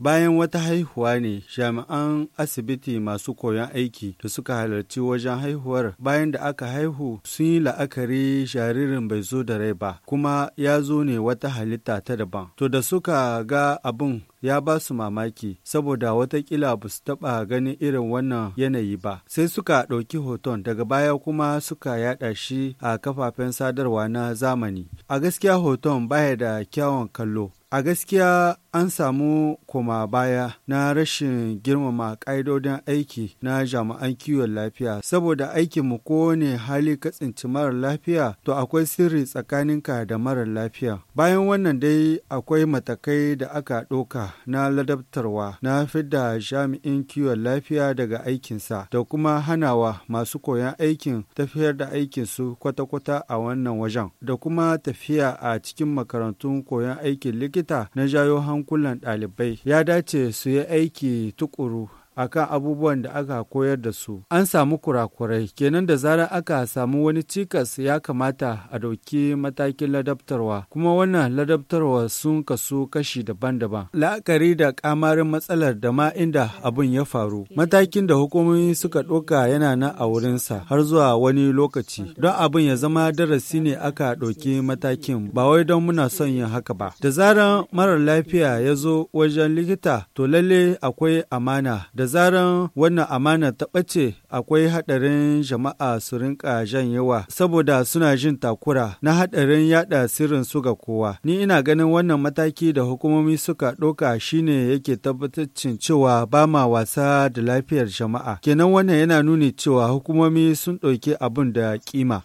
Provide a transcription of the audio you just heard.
Bayan wata haihuwa ne jami'an asibiti masu koyon aiki da suka halarci wajen haihuwar bayan da aka haihu sun yi la'akari jaririn bai zo da rai ba kuma ya zo ne wata halitta ta daban. To da suka ga abun ya ba su mamaki saboda watakila ba su taba ganin irin wannan yanayi ba sai suka ɗauki hoton daga baya kuma suka yaɗa shi a kafafen sadarwa na zamani a gaskiya hoton baya da kyawun kallo a gaskiya an samu koma baya na rashin girmama ƙa'idodin aiki na jami'an kiwon lafiya saboda aikinmu ko ne hali ka tsinci marar lafiya to akwai sirri tsakaninka da marar lafiya bayan wannan dai akwai matakai da aka ɗauka na ladabtarwa na fidda jami'in kiwon lafiya daga aikinsa da kuma hanawa masu koyon aikin tafiyar da aikinsu kwata-kwata a wannan wajen da kuma tafiya a cikin makarantun koyon aikin likita na jayo hankulan ɗalibai ya dace su yi aiki tukuru akan abubuwan da aka koyar da su an samu kurakurai kenan da zarar aka samu wani cikas ya kamata a ɗauki matakin ladabtarwa kuma wannan ladabtarwa sun kasu kashi daban-daban la'akari da kamarin matsalar da ma inda abun ya faru matakin da hukumomi suka ɗauka yana na a wurinsa har zuwa wani lokaci don abin ya zama darasi ne aka ɗauki matakin ba wai don muna son yin haka ba da zarar marar lafiya ya zo wajen likita to lalle akwai amana da zaran wannan amana ta ɓace akwai haɗarin jama'a su rinka janyewa saboda suna jin takura na haɗarin yaɗa sirrin su ga kowa. Ni ina ganin wannan mataki da hukumomi suka ɗauka shine yake tabbacin cewa ba ma wasa da lafiyar jama'a. Kenan wannan yana nuni cewa hukumomi sun ɗauki abin da kima.